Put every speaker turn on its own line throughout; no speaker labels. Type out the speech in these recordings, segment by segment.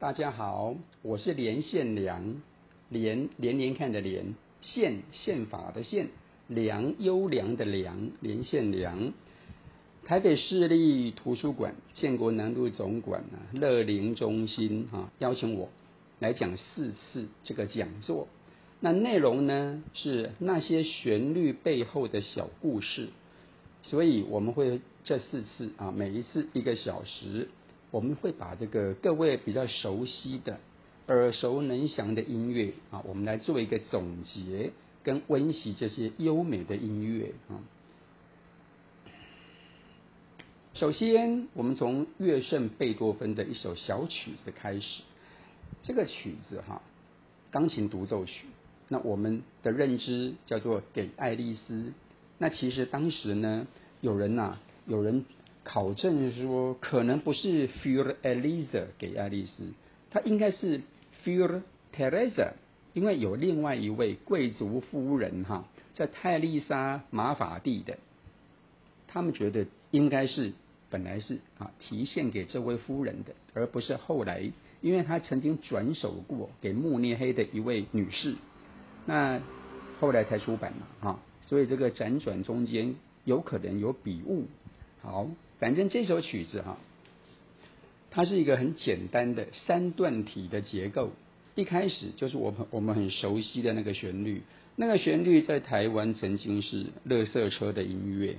大家好，我是連憲良連連連看的連，憲憲法的憲，良優良的良，連憲良。台北市立圖書館建國南路總館啊樂齡中心啊邀請我來講四次這個講座，那內容呢是那些旋律背後的小故事，所以我們會這四次啊每一次一個小時。我們會把這個各位比較熟悉的、耳熟能詳的音樂啊，我們來做一個總結跟溫習這些優美的音樂啊。首先，我們從樂聖貝多芬的一首小曲子開始。這個曲子哈、啊，鋼琴獨奏曲。那我們的認知叫做《給愛麗絲》。那其實當時呢，有人吶、啊，有人。考證說，可能不是 Für Elise 給愛麗絲，她應該是 Für Teresa，因為有另外一位貴族夫人哈，叫泰麗莎馬法蒂的，他們覺得應該是本來是啊提獻給這位夫人的，而不是後來，因為她曾經轉手過給慕尼黑的一位女士，那後來才出版嘛哈，所以這個輾轉中間有可能有筆誤，好。反正這首曲子哈，它是一個很簡單的三段體的結構。一開始就是我們我們很熟悉的那個旋律，那個旋律在台灣曾經是垃圾車的音樂。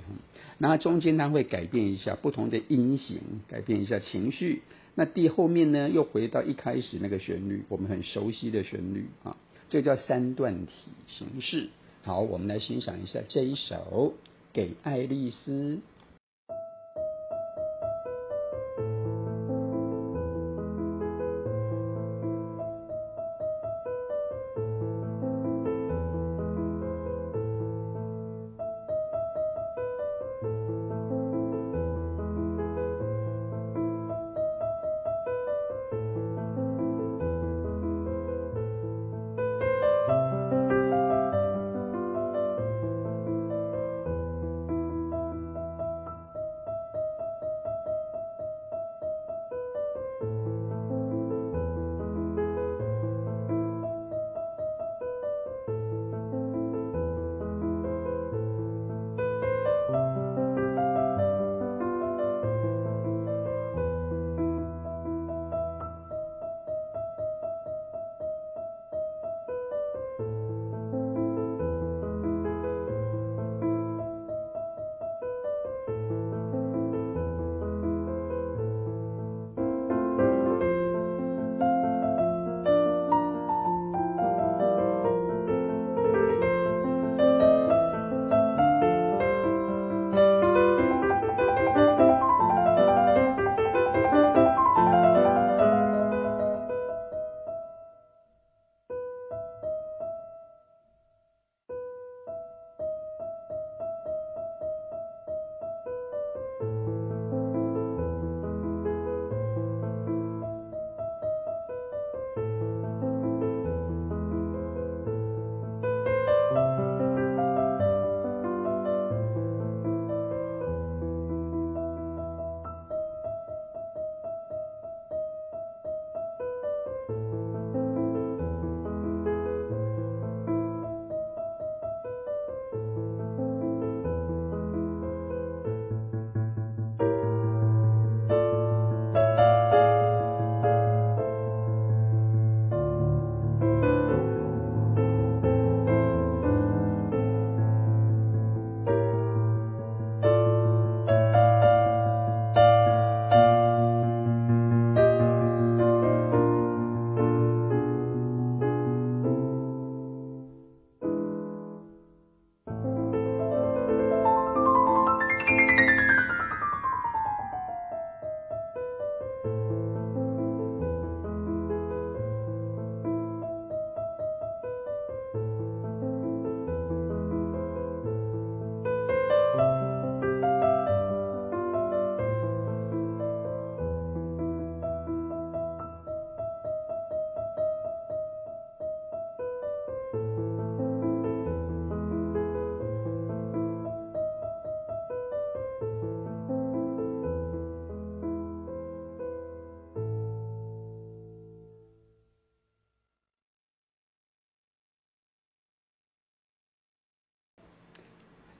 然後中間它會改變一下不同的音型，改變一下情緒。那第後面呢，又回到一開始那個旋律，我們很熟悉的旋律啊。這叫三段體形式。好，我們來欣賞一下這一首《給愛麗絲》。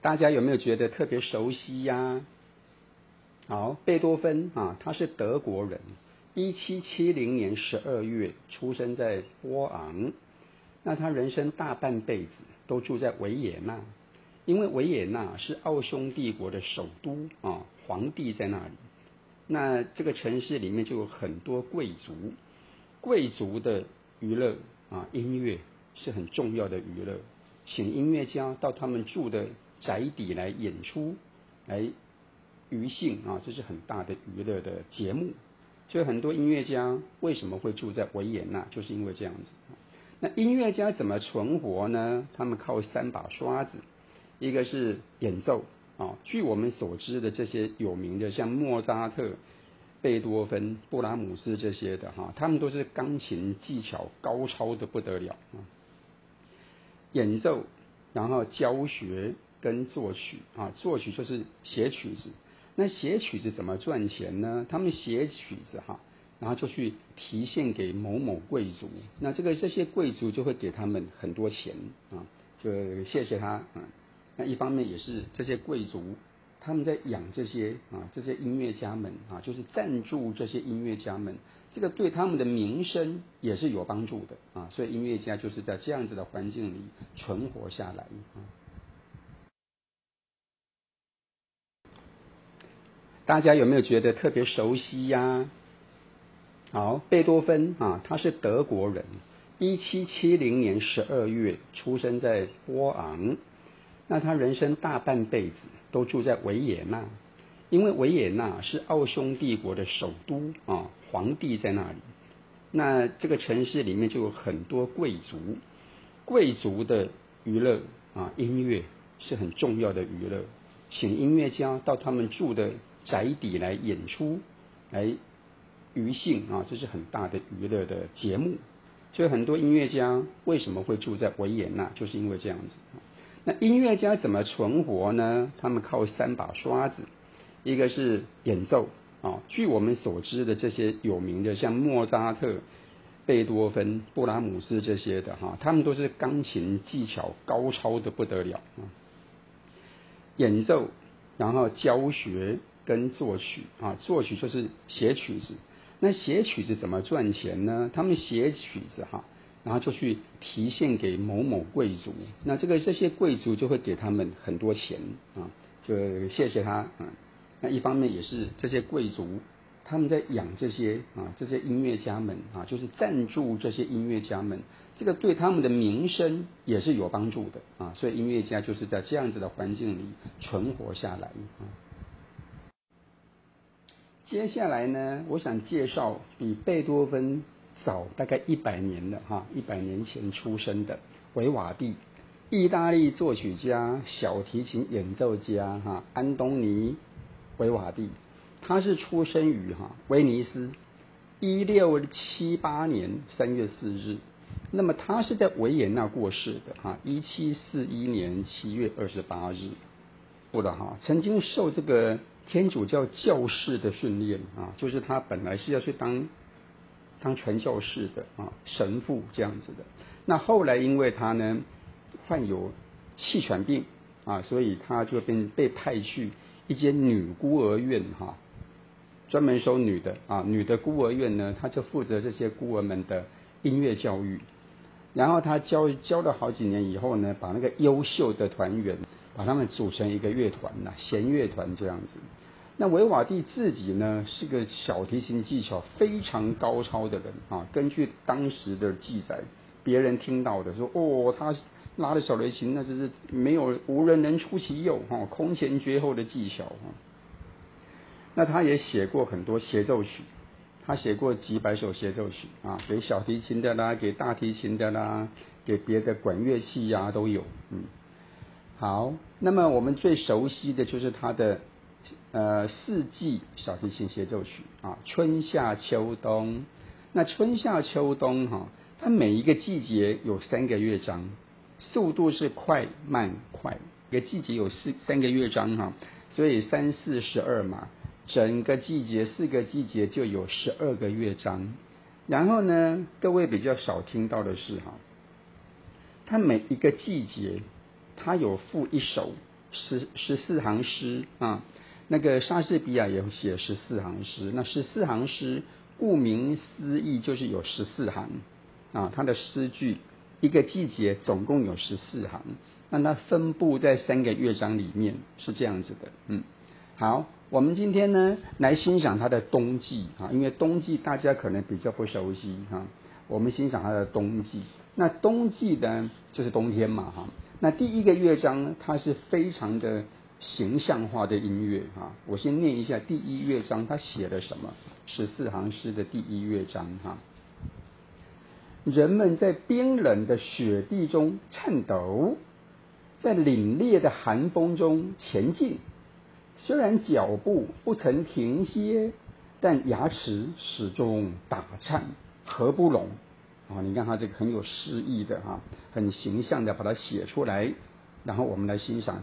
大家有沒有覺得特別熟悉呀、啊？好，貝多芬啊，他是德國人，一七七零年十二月出生在波昂。那他人生大半輩子都住在維也納，因為維也納是奧匈帝國的首都啊，皇帝在那裡。那這個城市裡面就有很多貴族，貴族的娛樂啊，音樂是很重要的娛樂，請音樂家到他們住的。宅邸來演出，來餘興啊，這是很大的娛樂的節目。所以很多音樂家為什麼會住在維也納？就是因為這樣子。那音樂家怎麼存活呢？他們靠三把刷子，一個是演奏啊。據我們所知的這些有名的，像莫扎特、貝多芬、布拉姆斯這些的哈，他們都是鋼琴技巧高超的不得了啊。演奏，然後教學。跟作曲啊，作曲就是寫曲子。那寫曲子怎麼賺錢呢？他們寫曲子哈、啊，然後就去題獻給某某貴族。那這個這些貴族就會給他們很多錢啊，就謝謝他啊。那一方面也是這些貴族他們在養這些啊這些音樂家們啊，就是贊助這些音樂家們。這個對他們的名聲也是有幫助的啊。所以音樂家就是在這樣子的環境裡存活下來。啊。大家有沒有覺得特別熟悉呀、啊？好，貝多芬啊，他是德國人，一七七零年十二月出生在波昂。那他人生大半輩子都住在維也納，因為維也納是奧匈帝國的首都啊，皇帝在那裡。那這個城市裡面就有很多貴族，貴族的娛樂啊，音樂是很重要的娛樂，請音樂家到他們住的。宅邸來演出，來娛興啊、哦，這是很大的娛樂的節目。所以很多音樂家為什麼會住在維也納，就是因為這樣子。那音樂家怎麼存活呢？他們靠三把刷子，一個是演奏啊、哦。據我們所知的這些有名的，像莫扎特、貝多芬、布拉姆斯這些的哈、哦，他們都是鋼琴技巧高超的不得了啊、哦。演奏，然後教學跟作曲啊，作曲就是寫曲子。那寫曲子怎麼賺錢呢？他們寫曲子哈，啊，然後就去題獻給某某貴族。那這個這些貴族就會給他們很多錢啊，就謝謝他。啊。那一方面也是這些貴族他們在養這些啊，這些音樂家們啊，就是贊助這些音樂家們。這個對他們的名聲也是有幫助的啊，所以音樂家就是在這樣子的環境裡存活下來啊。接下來呢，我想介紹比貝多芬早大概一百年的哈，一百年前出生的維瓦第，意大利作曲家、小提琴演奏家哈，安東尼維瓦第，他是出生於哈威尼斯，一六七八年三月四日，那麼他是在維也納過世的哈，一七四一年七月二十八日，不了哈，曾經受這個。天主教教士的訓練啊，就是他本來是要去當當傳教士的啊，神父這樣子的。那後來因為他呢患有氣喘病啊，所以他就被被派去一間女孤兒院哈啊，專門收女的啊，女的孤兒院呢，他就負責這些孤兒們的音樂教育。然後他教教了好幾年以後呢，把那個優秀的團員。把他們組成一個樂團吶、啊，弦樂團這樣子。那維瓦蒂自己呢是個小提琴技巧非常高超的人啊。根據當時的記載，別人聽到的說，哦，他拉的小提琴那真是沒有無人能出其右、啊、空前絕後的技巧。那他也寫過很多協奏曲，他寫過幾百首協奏曲啊，給小提琴的啦，給大提琴的啦，給別的管樂器呀、啊、都有，嗯。好，那麼我們最熟悉的就是他的呃四季小提琴協奏曲啊，春夏秋冬。那春夏秋冬哈、啊，它每一個季節有三個樂章，速度是快慢快，一個季節有四三個樂章哈、啊，所以三四十二嘛，整個季節四個季節就有十二個樂章。然後呢，各位比較少聽到的是哈、啊，它每一個季節。他有賦一首十十四行詩啊，那個莎士比亞也寫十四行詩。那十四行詩顧名思義就是有十四行啊，他的詩句一個季節總共有十四行，那它分布在三個樂章裡面是這樣子的。嗯，好，我們今天呢來欣賞他的冬季啊，因為冬季大家可能比較不熟悉啊，我們欣賞他的冬季。那冬季呢就是冬天嘛，哈、啊。那第一個樂章呢，它是非常的形象化的音樂哈，我先念一下第一樂章，它寫了什麼？十四行詩的第一樂章哈，人們在冰冷的雪地中顫抖，在凜冽的寒風中前進，雖然腳步不曾停歇，但牙齒始終打顫，合不攏。啊，哦，你看他這個很有詩意的哈，啊，很形象的把它寫出來，然後我們來欣賞。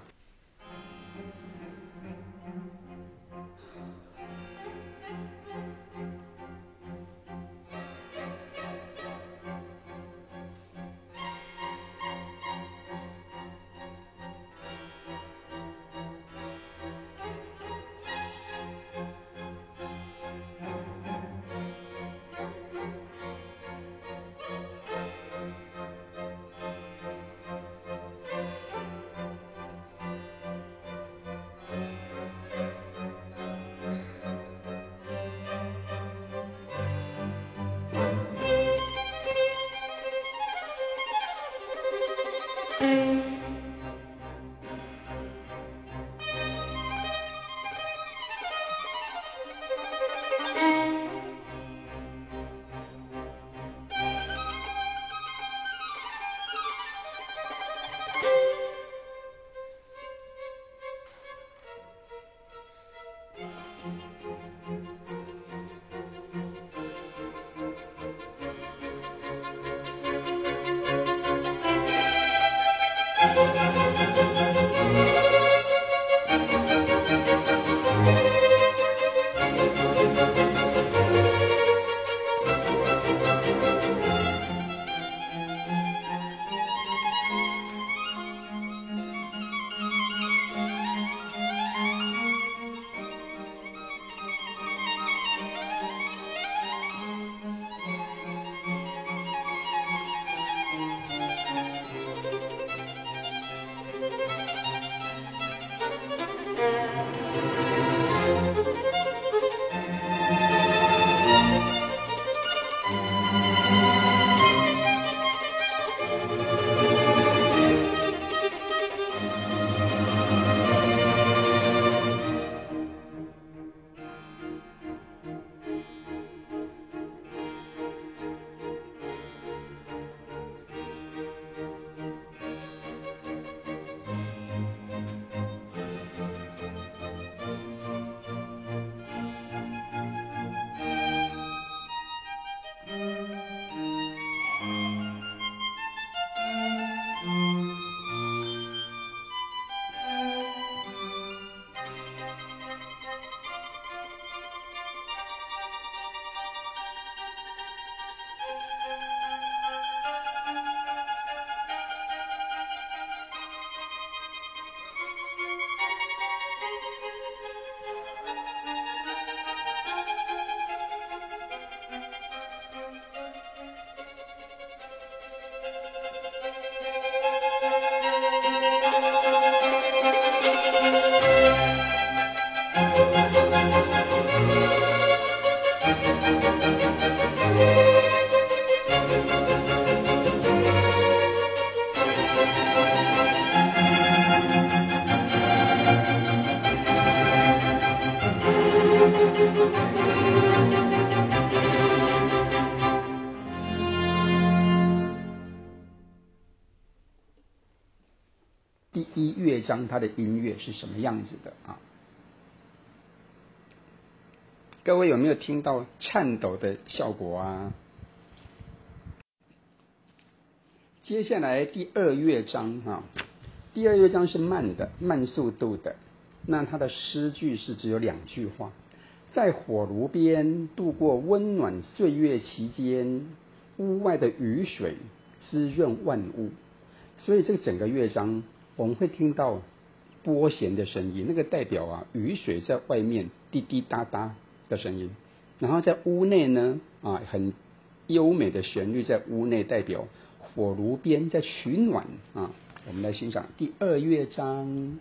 當它的音樂是什麼樣子的啊？各位有沒有聽到顫抖的效果啊？接下來第二樂章啊，第二樂章是慢的，慢速度的。那它的詩句是只有兩句話：在火爐邊度過溫暖歲月期間，屋外的雨水滋潤萬物。所以這整個樂章。我們會聽到撥弦的聲音，那個代表啊，雨水在外面滴滴答答的聲音，然後在屋內呢，啊，很優美的旋律在屋內代表火爐邊在取暖啊，我們來欣賞第二樂章。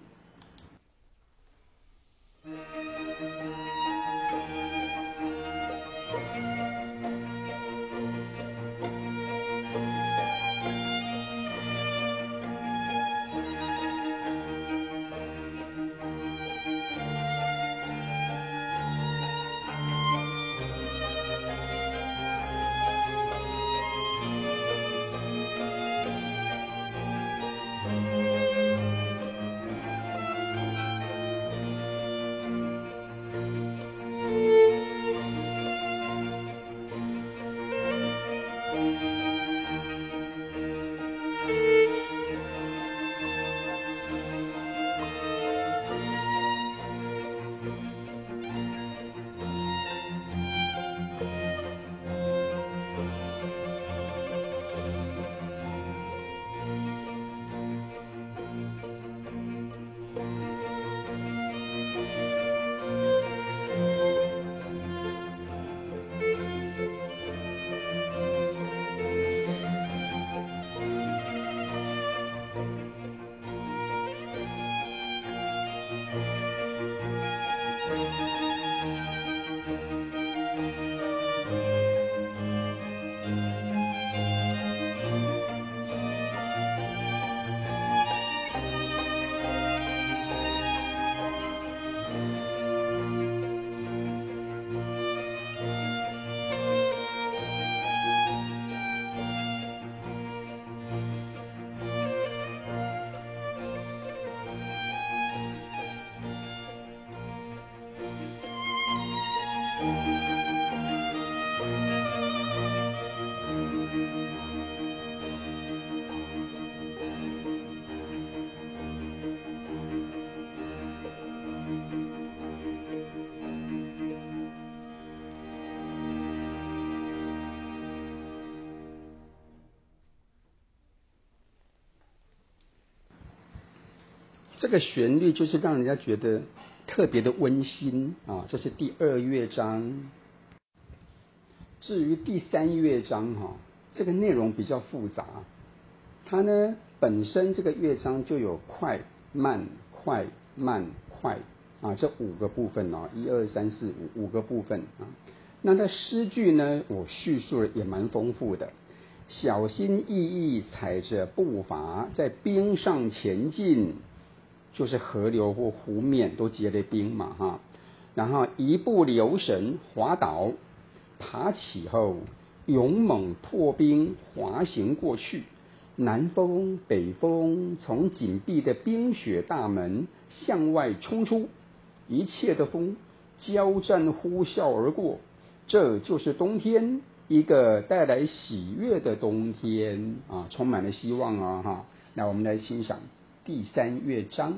這個旋律就是讓人家覺得特別的溫馨啊！這是第二樂章。至於第三樂章哈、啊，這個內容比較複雜。它呢本身這個樂章就有快慢快慢快啊這五個部分哦、啊，一二三四五五個部分啊。那它詩句呢，我敘述的也蠻豐富的。小心翼翼踩着步伐在冰上前進。就是河流或湖面都結着冰嘛哈，然後一不留神滑倒，爬起後勇猛破冰滑行過去，南風北風從緊閉的冰雪大門向外衝出，一切的風交戰呼嘯而過，這就是冬天，一個帶來喜悅的冬天啊，充滿了希望啊哈、啊，那我們來欣賞。第三樂章。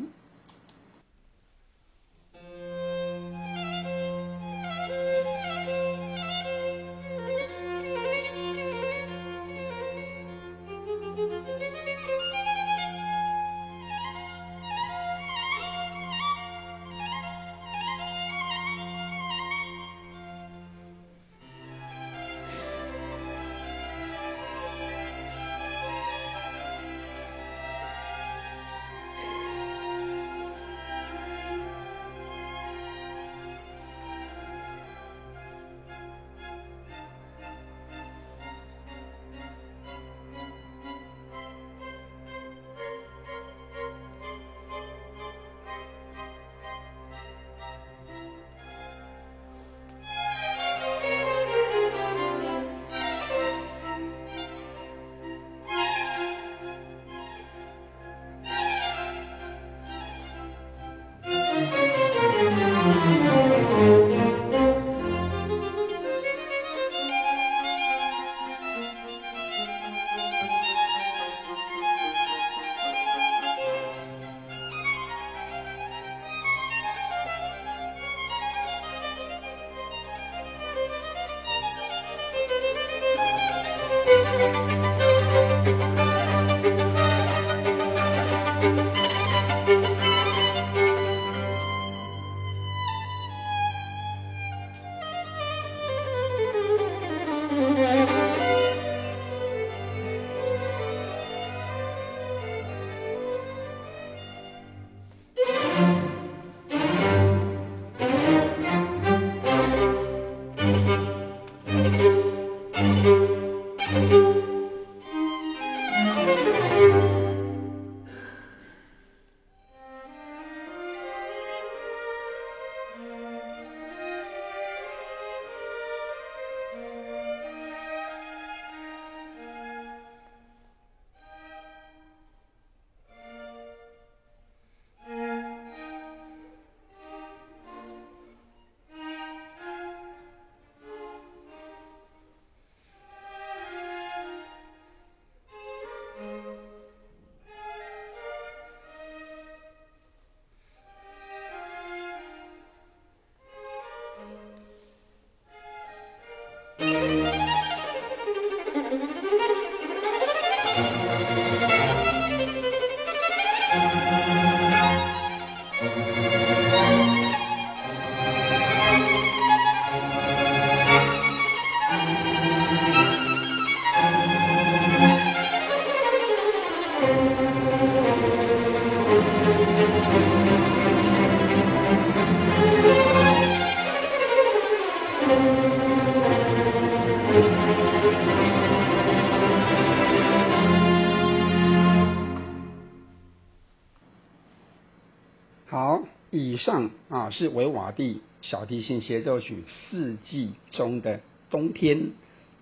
好，以上啊是維瓦第小提琴協奏曲四季中的冬天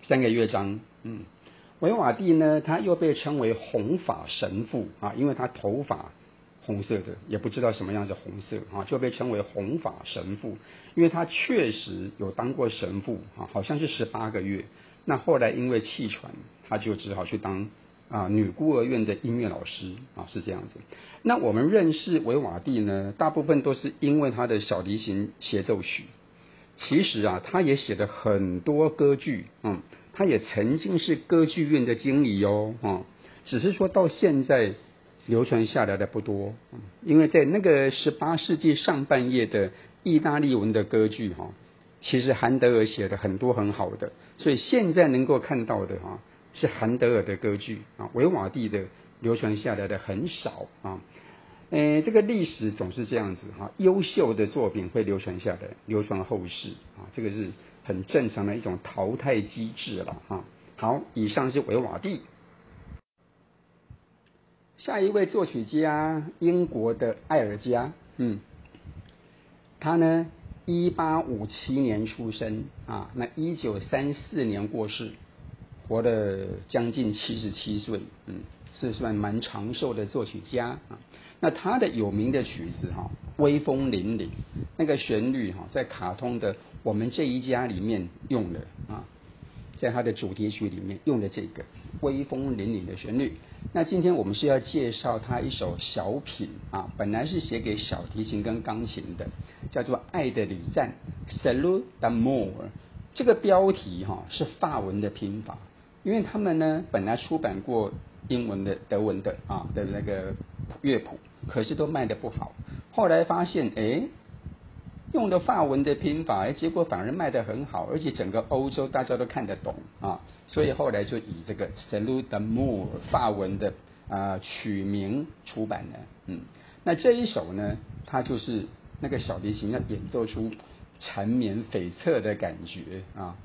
三個樂章，嗯。維瓦蒂呢，他又被稱為紅髮神父啊，因為他頭髮紅色的，也不知道什麼樣子紅色啊，就被稱為紅髮神父。因為他確實有當過神父啊，好像是十八個月。那後來因為氣喘，他就只好去當啊女孤兒院的音樂老師啊，是這樣子。那我們認識維瓦蒂呢，大部分都是因為他的小提琴協奏曲。其實啊，他也寫了很多歌劇，嗯。他也曾經是歌劇院的經理哦，啊，只是說到現在流傳下來的不多，因為在那個十八世紀上半葉的意大利文的歌劇哈，其實韓德爾寫的很多很好的，所以現在能夠看到的哈是韓德爾的歌劇啊，維瓦蒂的流傳下來的很少啊，哎，這個歷史總是這樣子哈，優秀的作品會流傳下來，流傳後世啊，這個是。很正常的一種淘汰機制了哈、啊。好，以上是維瓦蒂。下一位作曲家，英國的艾爾加，嗯，他呢，一八五七年出生啊，那一九三四年過世，活了將近七十七歲，嗯，是算蠻長壽的作曲家啊。那他的有名的曲子哈，啊《威風凜凜》那個旋律哈、啊，在卡通的。我們這一家裡面用的啊，在他的主題曲裡面用的這個威風凜凜的旋律。那今天我們是要介紹他一首小品啊，本來是寫給小提琴跟鋼琴的，叫做《愛的禮讚》（Salut the m o u r 這個標題哈、啊、是法文的拼法，因為他們呢本來出版過英文的、德文的啊的那個樂譜，可是都賣得不好。後來發現，哎。用的法文的拼法，結果反而賣得很好，而且整個歐洲大家都看得懂啊，所以後來就以這個《Salut d'amour》法文的啊、呃、曲名出版了。嗯，那這一首呢，它就是那個小提琴要演奏出纏綿悱惻的感覺啊。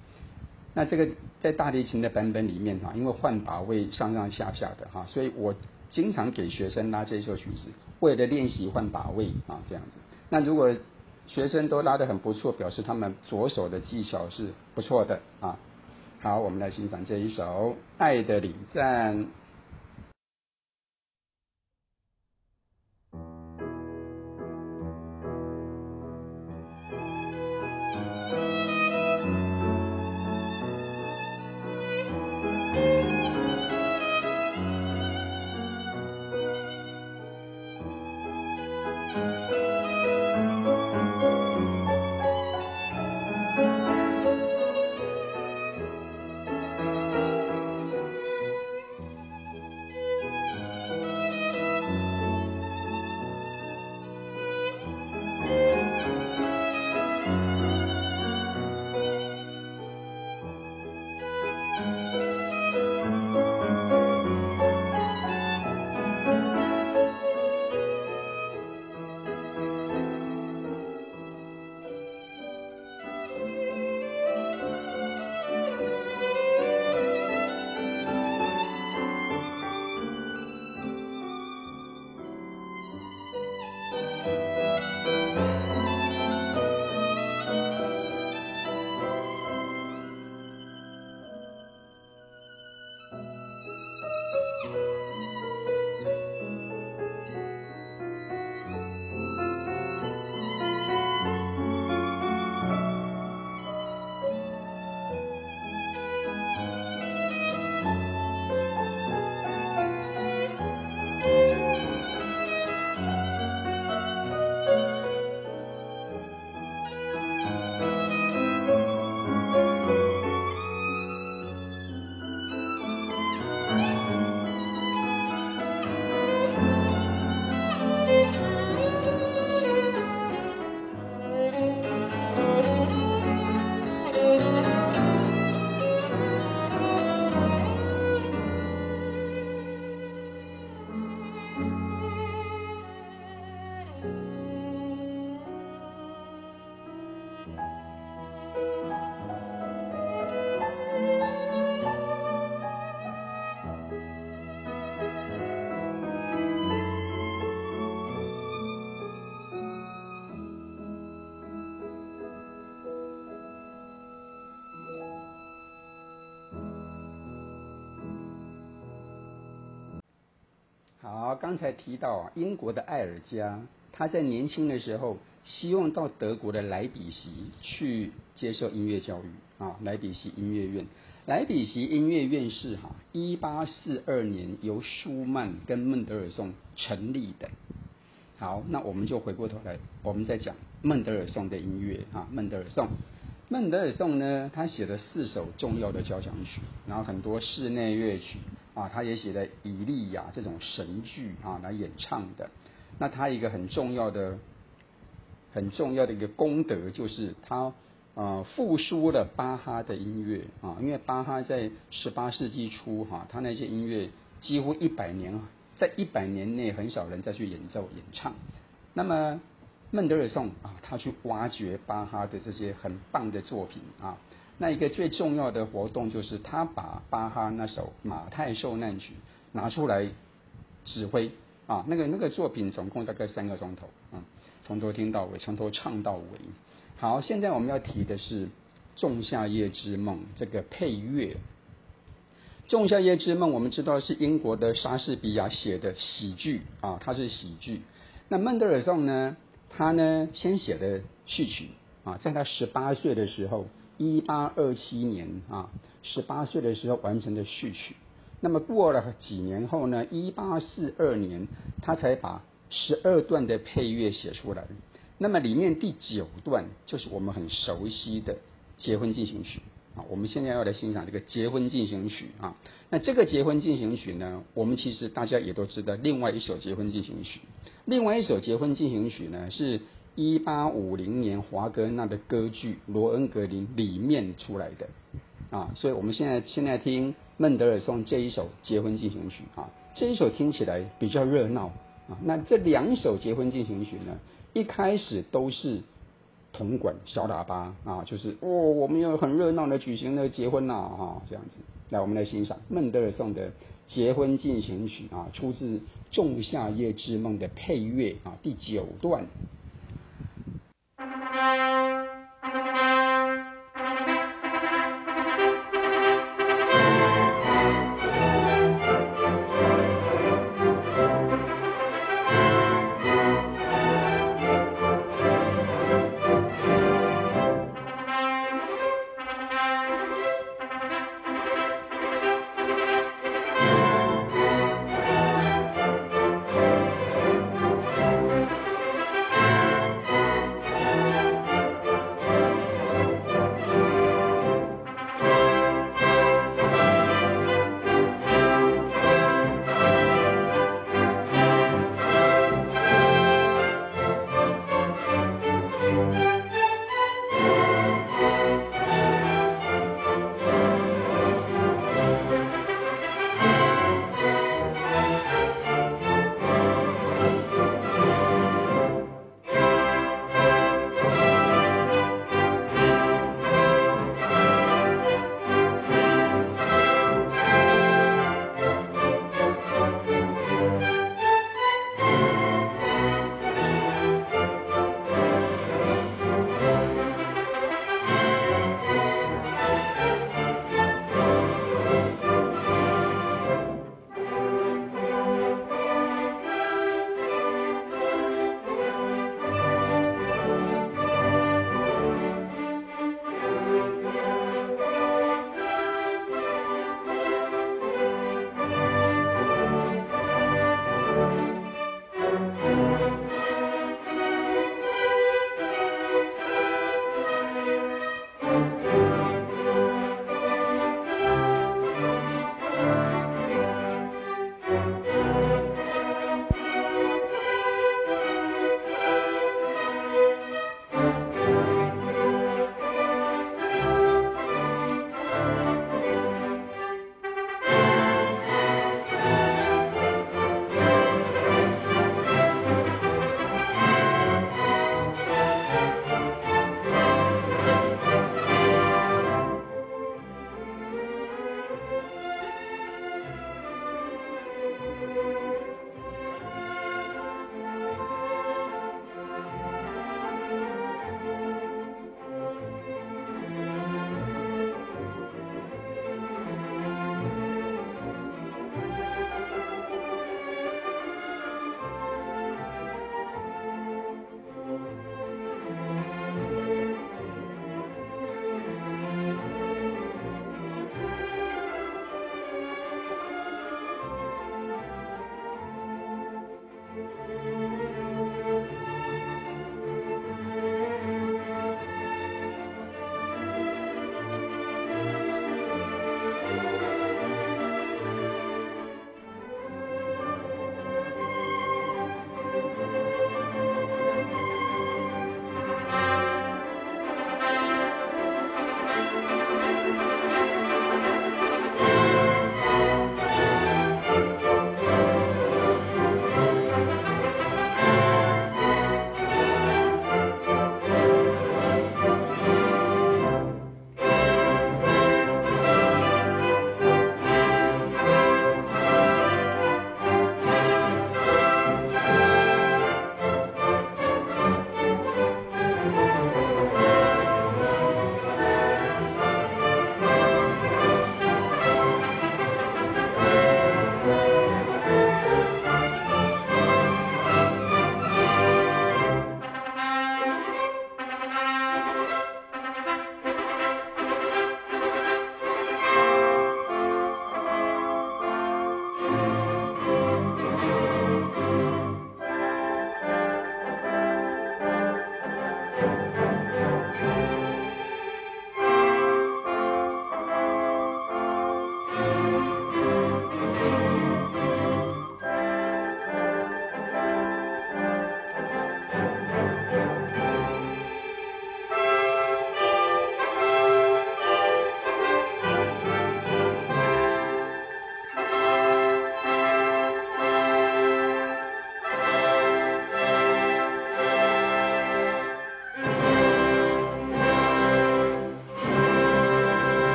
那這個在大提琴的版本裡面啊，因為換把位上上下下的哈、啊，所以我經常給學生拉這首曲子，為了練習換把位啊這樣子。那如果學生都拉得很不錯，表示他們左手的技巧是不錯的啊。好，我們來欣賞這一首《愛的禮讚》。剛才提到啊，英國的艾爾加，他在年輕的時候希望到德國的萊比錫去接受音樂教育啊，萊比錫音樂院，萊比錫音樂院是哈一八四二年由舒曼跟孟德爾頌成立的。好，那我們就回過頭來，我們再講孟德爾頌的音樂啊，孟德爾頌，孟德爾頌呢，他寫了四首重要的交響曲，然後很多室內樂曲。啊，他也寫了《以利亞》這種神劇啊，來演唱的。那他一個很重要的、很重要的一個功德，就是他呃復甦了巴哈的音樂啊。因為巴哈在十八世紀初哈、啊，他那些音樂幾乎一百年，在一百年內很少人再去演奏、演唱。那麼孟德爾頌啊，他去挖掘巴哈的這些很棒的作品啊。那一個最重要的活動就是他把巴哈那首《馬太受難曲》拿出來指揮啊，那個那個作品總共大概三個鐘頭，嗯，從頭聽到尾，從頭唱到尾。好，現在我們要提的是《仲夏夜之夢》這個配樂，《仲夏夜之夢》我們知道是英國的莎士比亞寫的喜劇啊，它是喜劇。那孟德爾頌呢，他呢先寫的序曲，曲啊，在他十八歲的時候。一八二七年啊，十八歲的時候完成的序曲。那麼過了幾年後呢？一八四二年，他才把十二段的配樂寫出來。那麼裡面第九段就是我們很熟悉的《結婚進行曲》啊。我們現在要來欣賞這個《結婚進行曲》啊。那這個《結婚進行曲》呢，我們其實大家也都知道另外一首《結婚進行曲》，另外一首《結婚進行曲》呢是，一八五零年，華格納的歌劇《羅恩格林》裡面出來的啊，所以我們現在現在聽孟德爾頌這一首《結婚進行曲》啊，這一首聽起來比較熱鬧啊。那這兩首《結婚進行曲》呢，一開始都是銅管、小喇叭啊，就是哦，我們要很熱鬧的舉行了結婚了，啊。啊，這樣子。來，我們來欣賞孟德爾頌的《結婚進行曲》啊，出自《仲夏夜之夢》的配樂啊，第九段。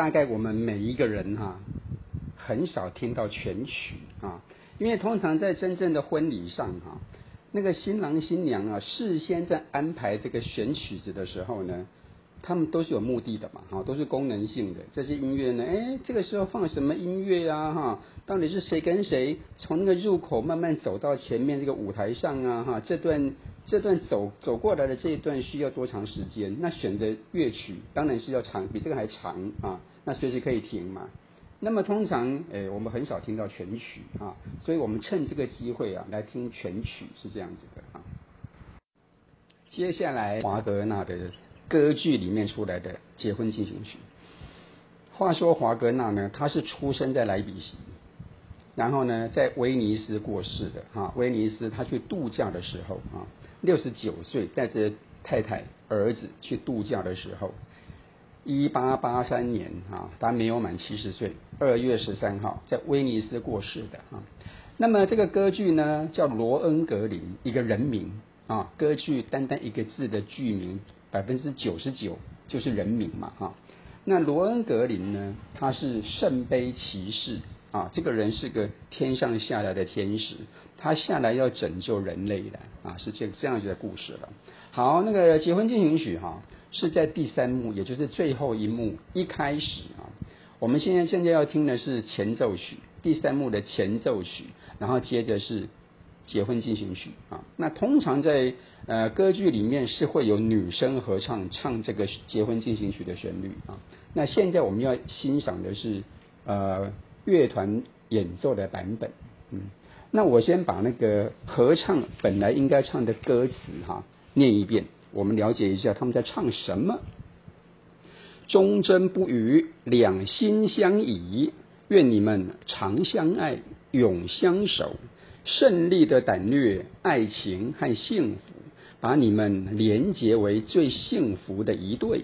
大概我們每一個人哈、啊，很少聽到全曲啊，因為通常在真正的婚禮上哈、啊，那個新郎新娘啊，事先在安排這個選曲子的時候呢，他們都是有目的的嘛，哈，都是功能性的。這些音樂呢，哎，這個時候放什麼音樂啊，哈，到底是誰跟誰從那個入口慢慢走到前面這個舞台上啊，哈，這段這段走走過來的這一段需要多長時間？那選的樂曲當然是要長，比這個還長啊。那隨時可以停嘛？那麼通常，誒，我們很少聽到全曲啊，所以我們趁這個機會啊，來聽全曲是這樣子的啊。接下來，華格納的歌劇裡面出來的《結婚進行曲》。話說華格納呢，他是出生在萊比錫，然後呢，在威尼斯過世的啊。威尼斯，他去度假的時候啊，六十九歲，帶着太太、兒子去度假的時候。一八八三年啊，他沒有滿七十歲，二月十三號在威尼斯過世的啊。那麼這個歌劇呢，叫羅恩格林，一個人名啊。歌劇單單一個字的劇名，百分之九十九就是人名嘛哈。那羅恩格林呢，他是聖杯騎士啊，這個人是個天上下來的天使，他下來要拯救人類的啊，是這這樣一個故事了。好，那個結婚進行曲哈。是在第三幕，也就是最後一幕一開始啊。我們現在現在要聽的是前奏曲，第三幕的前奏曲，然後接着是結婚進行曲啊。那通常在呃歌劇裡面是會有女聲合唱唱這個結婚進行曲的旋律啊。那現在我們要欣賞的是呃樂團演奏的版本，嗯。那我先把那個合唱本來應該唱的歌詞哈、啊、念一遍。我們了解一下他們在唱什麼。忠貞不渝，兩心相依，願你們長相愛，永相守。勝利的膽略、愛情和幸福，把你們連結為最幸福的一對。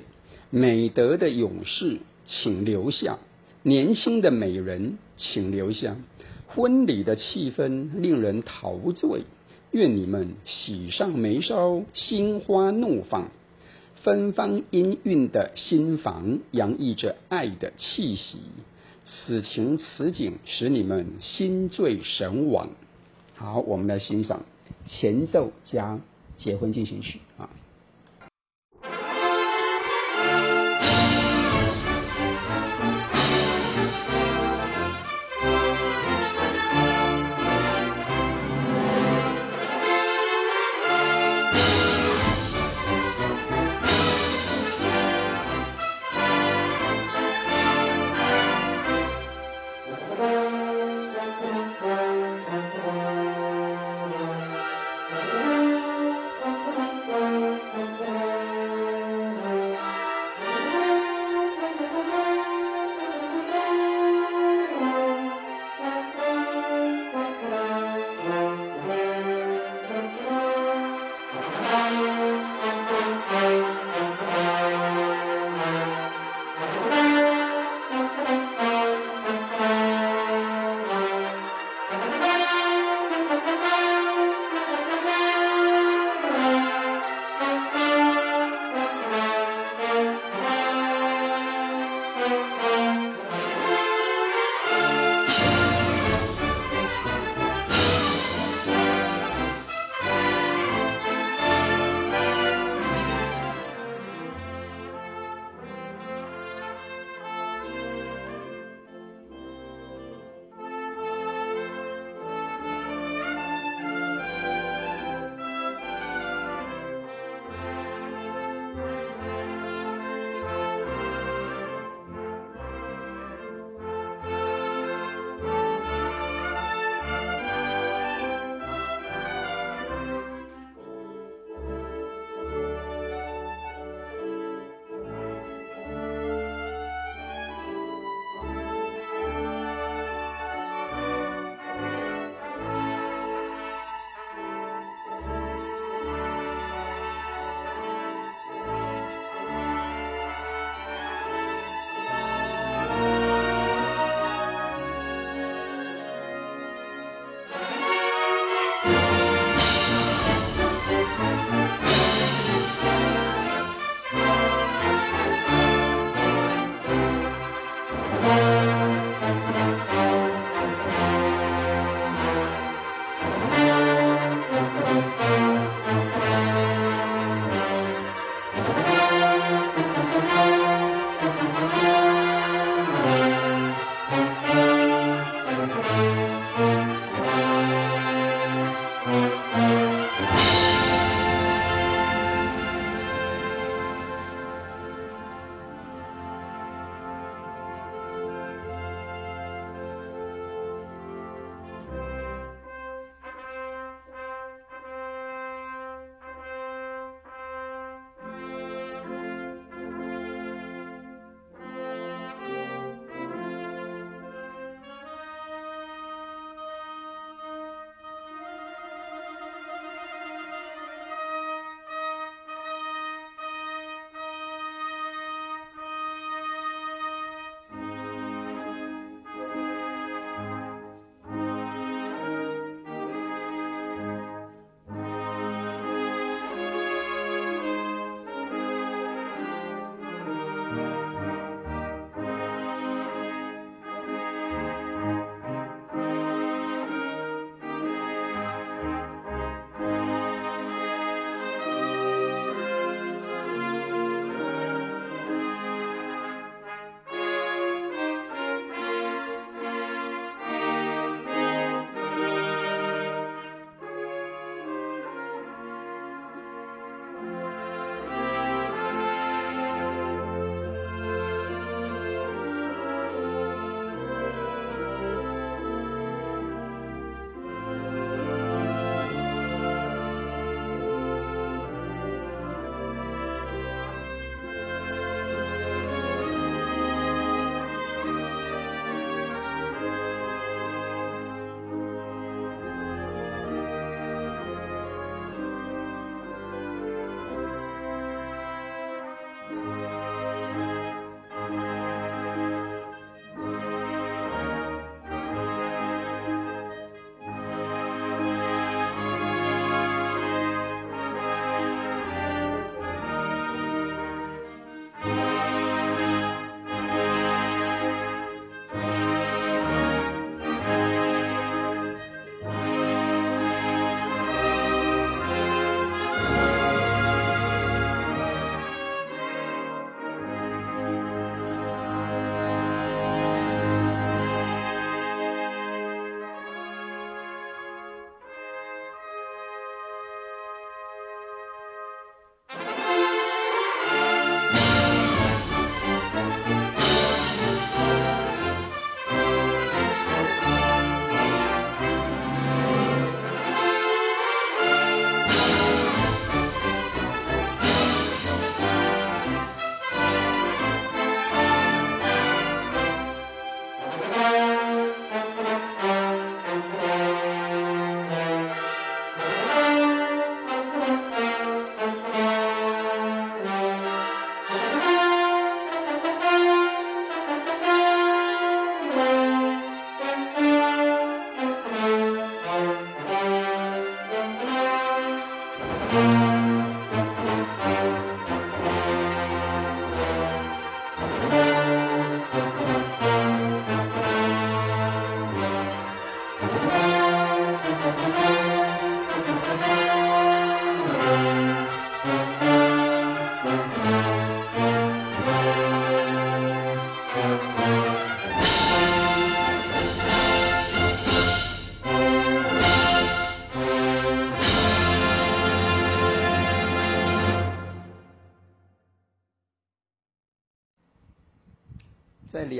美德的勇士，請留下；年輕的美人，請留下。婚禮的氣氛令人陶醉。願你們喜上眉梢，心花怒放，芬芳氤氳的心房，洋溢着愛的氣息。此情此景，使你們心醉神往。好，我們來欣賞前奏加結婚進行曲啊。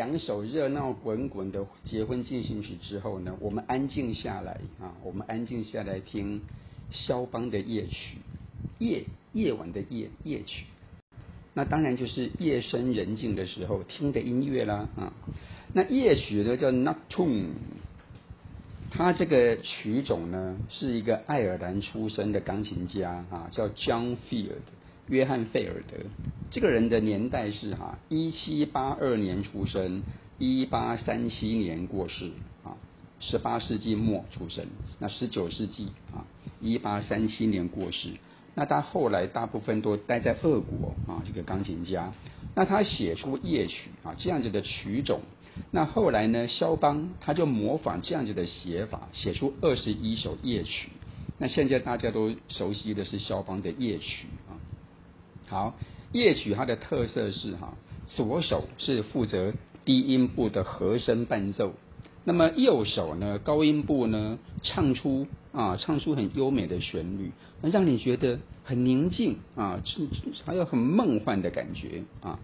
兩首熱鬧滾滾的結婚進行曲之後呢，我們安靜下來啊，我們安靜下來聽肖邦的夜曲，夜夜晚的夜夜曲，那當然就是夜深人靜的時候聽的音樂啦啊。那夜曲呢叫 Nocturne，他這個曲種呢是一個愛爾蘭出身的鋼琴家啊，叫 John Field。約翰·費爾德這個人的年代是哈一七八二年出生，一八三七年過世啊，十八世紀末出生。那十九世紀啊，一八三七年過世。那他後來大部分都待在俄國啊，這個鋼琴家。那他寫出夜曲啊這樣子的曲種。那後來呢，肖邦他就模仿這樣子的寫法，寫出二十一首夜曲。那現在大家都熟悉的是肖邦的夜曲啊。好，夜曲它的特色是哈，左手是負責低音部的和聲伴奏，那麼右手呢，高音部呢，唱出啊，唱出很優美的旋律，能讓你覺得很寧靜啊，還有很夢幻的感覺啊。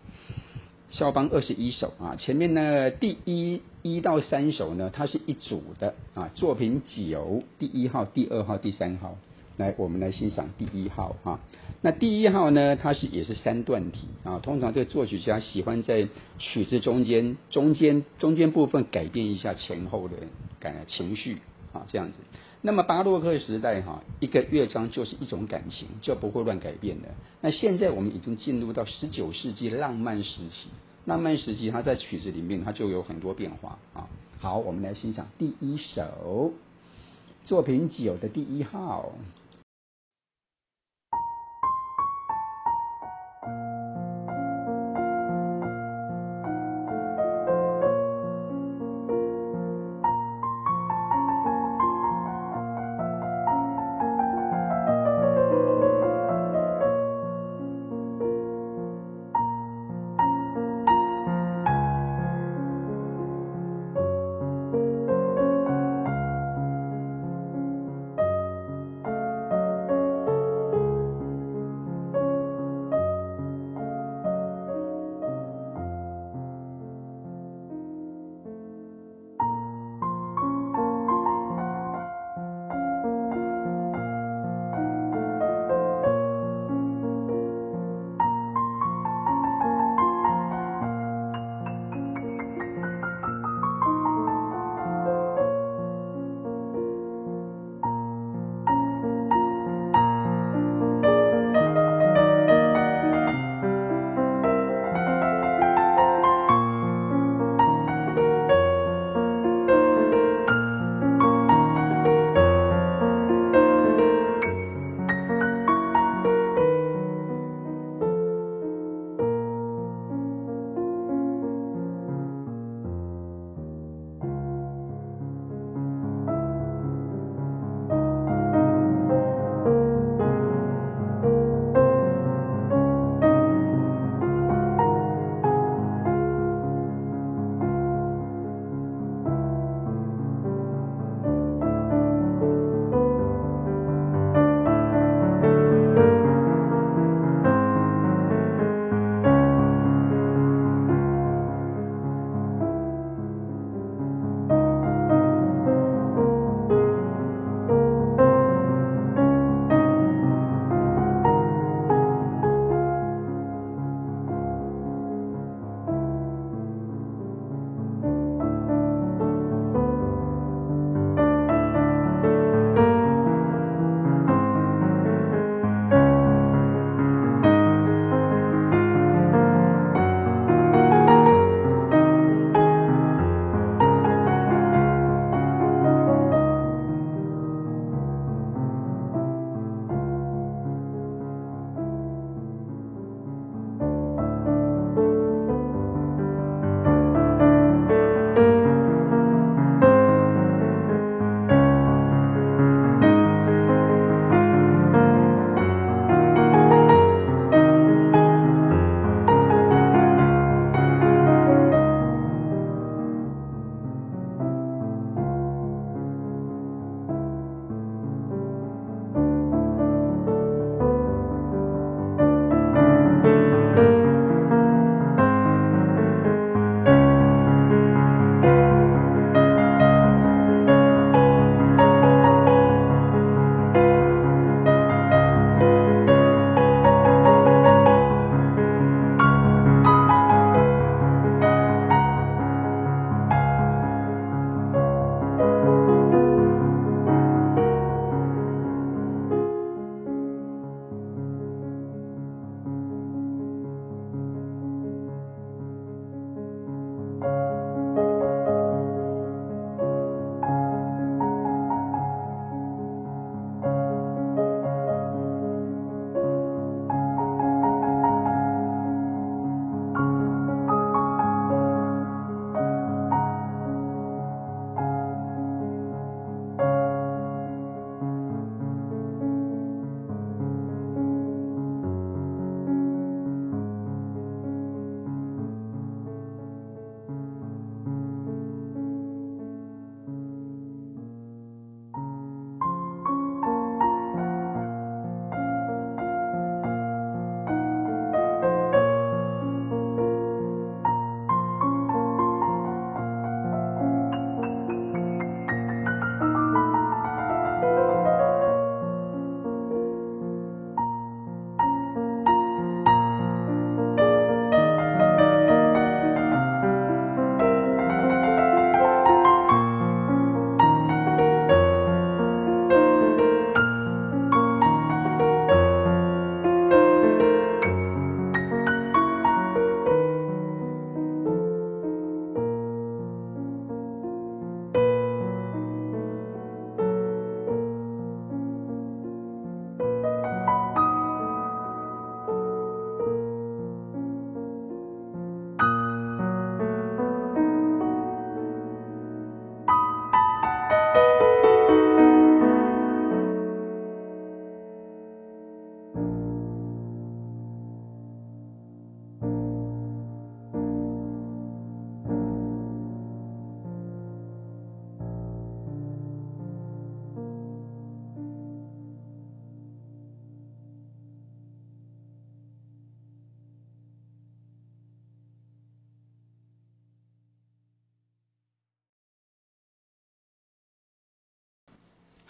肖邦二十一首啊，前面呢第一一到三首呢，它是一組的啊，作品九第一號、第二號、第三號。來，我們來欣賞第一號啊。那第一號呢，它是也是三段體啊。通常這個作曲家喜歡在曲子中間、中間、中間部分改變一下前後的感情緒啊，這樣子。那麼巴洛克時代哈、啊，一個樂章就是一種感情，就不會亂改變的。那現在我們已經進入到十九世紀浪漫時期，浪漫時期它在曲子裡面它就有很多變化啊。好，我們來欣賞第一首作品九的第一號。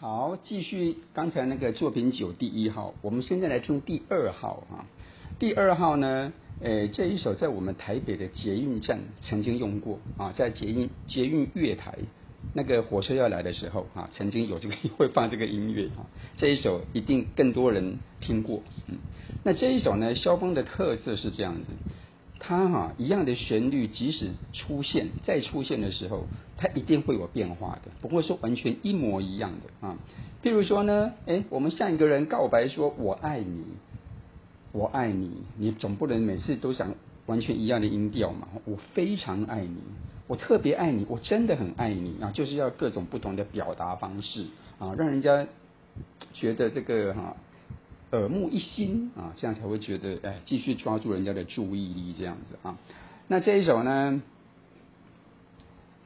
好，繼續剛才那個作品九第一號，我們現在來聽第二號啊。第二號呢，誒這一首在我們台北的捷運站曾經用過啊，在捷運捷運月台，那個火車要來的時候啊，曾經有這個會放這個音樂啊。這一首一定更多人聽過，嗯，那這一首呢，肖邦的特色是這樣子。它哈、啊、一樣的旋律，即使出現再出現的時候，它一定會有變化的，不會說完全一模一樣的啊。譬如說呢，哎，我們向一個人告白說“我愛你”，我愛你，你總不能每次都想完全一樣的音調嘛？我非常愛你，我特別愛你，我真的很愛你啊，就是要各種不同的表達方式啊，讓人家覺得這個哈。啊耳目一新、嗯、啊，這樣才會覺得哎，繼續抓住人家的注意力這樣子啊。那這一首呢，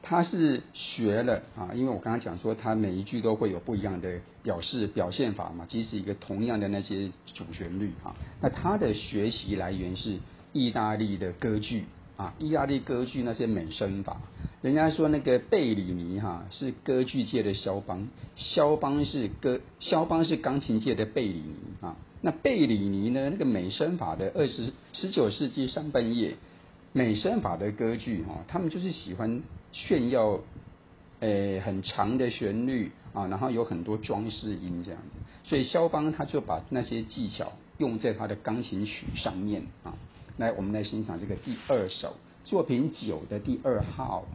他是學了啊，因為我剛剛講說，他每一句都會有不一樣的表示表現法嘛，其實是一個同樣的那些主旋律啊。那他的學習來源是意大利的歌劇。啊，意大利歌劇那些美聲法，人家說那個貝里尼哈是歌劇界的肖邦肖邦是歌，肖邦是鋼琴界的貝里尼啊。那貝里尼呢，那個美聲法的二十十九世紀上半葉美聲法的歌劇哈、啊，他們就是喜歡炫耀誒、呃、很長的旋律啊，然後有很多裝飾音這樣子，所以肖邦他就把那些技巧用在他的鋼琴曲上面啊。來，我們來欣賞這個第二首作品九的第二號。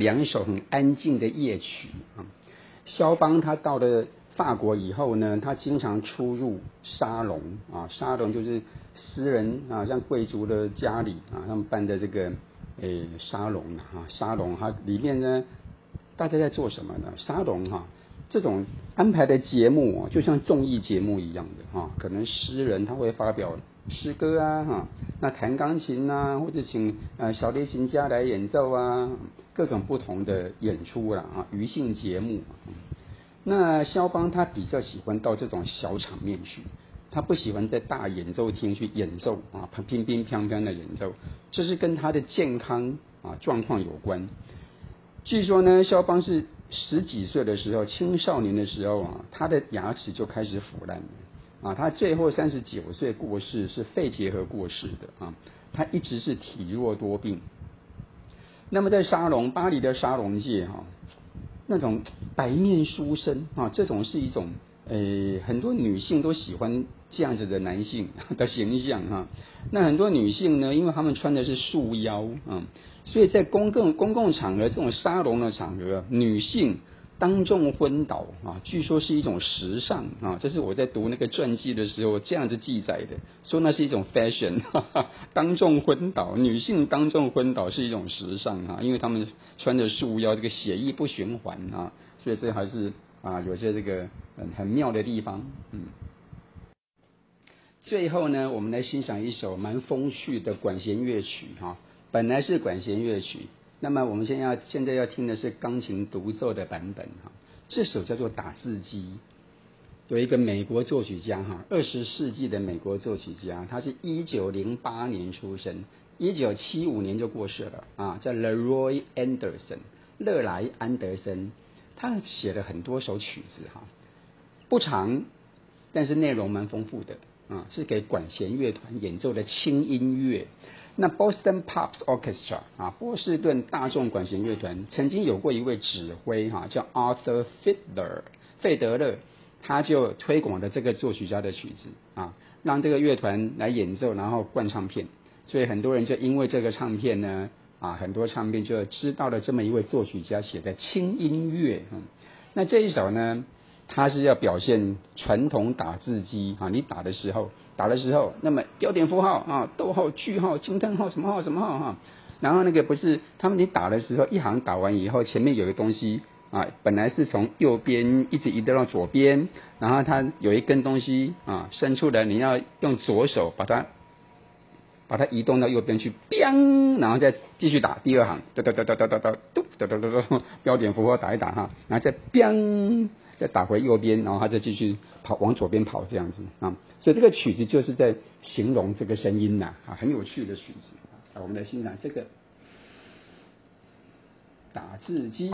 兩首很安靜的夜曲啊，肖邦他到了法國以後呢，他經常出入沙龍啊，沙龍就是私人啊，像貴族的家裡啊，他們辦的這個誒、哎，沙龍啊，沙龍它裡面呢，大家在做什麼呢？沙龍啊，這種安排的節目就像綜藝節目一樣的啊，可能詩人他會發表。詩歌啊，哈，那彈鋼琴啊，或者請呃小提琴家來演奏啊，各種不同的演出啦，啊，餘興節目。那肖邦他比較喜歡到這種小場面去，他不喜歡在大演奏廳去演奏啊，他乒乒乓乓的演奏，這是跟他的健康啊狀況有關。據說呢，肖邦是十幾歲的時候，青少年的時候啊，他的牙齒就開始腐爛。啊，他最後三十九歲過世，是肺結核過世的啊。他一直是體弱多病。那麼在沙龍，巴黎的沙龍界哈、啊，那種白面書生啊，這種是一種誒、欸，很多女性都喜歡這樣子的男性的形象哈、啊。那很多女性呢，因為他們穿的是束腰啊，所以在公共公共場合這種沙龍的場合，女性，當眾昏倒啊，據說是一種時尚啊。這是我在讀那個傳記的時候這樣子記載的，說那是一種 fashion，哈哈當眾昏倒，女性當眾昏倒是一種時尚啊，因為她們穿着束腰，這個血液不循環啊，所以這還是啊有些這個很很妙的地方。嗯，最後呢，我們來欣賞一首蠻風趣的管弦樂曲哈，啊，本來是管弦樂曲。那麼，我們現在要現在要聽的是鋼琴獨奏的版本哈。這首叫做《打字機》，有一個美國作曲家哈，二十世紀的美國作曲家，他是一九零八年出生，一九七五年就過世了啊，叫 Leroy Anderson 樂來安德森。他寫了很多首曲子哈，不長，但是內容蠻豐富的啊，是給管弦樂團演奏的輕音樂。那 Boston Pops Orchestra 啊，波士頓大眾管弦樂團曾經有過一位指揮哈、啊，叫 Arthur Fiedler 費德勒，他就推廣的這個作曲家的曲子啊，讓這個樂團來演奏，然後灌唱片，所以很多人就因為這個唱片呢啊，很多唱片就知道了這麼一位作曲家寫的輕音樂。嗯，那這一首呢，他是要表現傳統打字機啊，你打的時候。打的時候，那麼標點符號啊，逗號、句號、驚嘆號、什麼號、什麼號哈、啊，然後那個不是他們，你打的時候，一行打完以後，前面有一個東西啊，本來是從右邊一直移動到左邊，然後它有一根東西啊伸出來，你要用左手把它把它移動到右邊去，biang，然後再繼續打第二行，噠噠噠噠噠噠噠，嘟，噠噠噠噠，標點符號打一打哈、啊，然後再 biang。再打回右邊，然後他再繼續跑往左邊跑，這樣子啊。所以這個曲子就是在形容這個聲音吶，啊，很有趣的曲子啊。我們來欣賞這個打字機。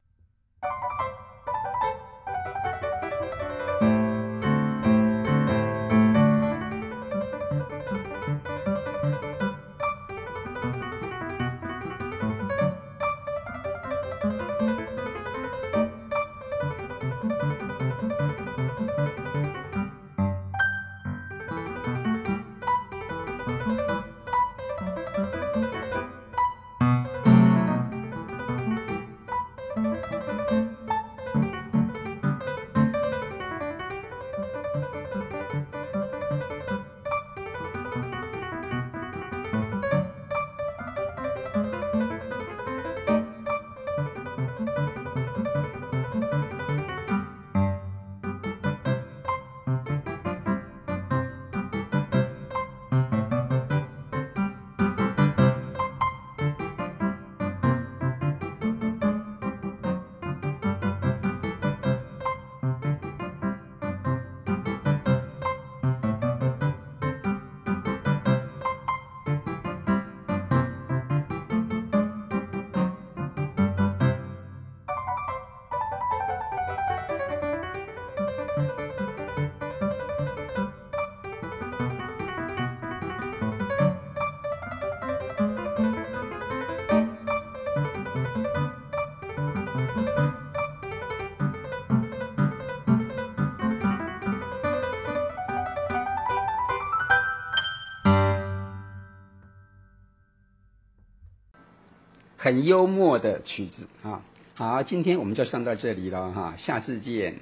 幽默的曲子啊，好，今天我們就上到這裡了哈，下次見。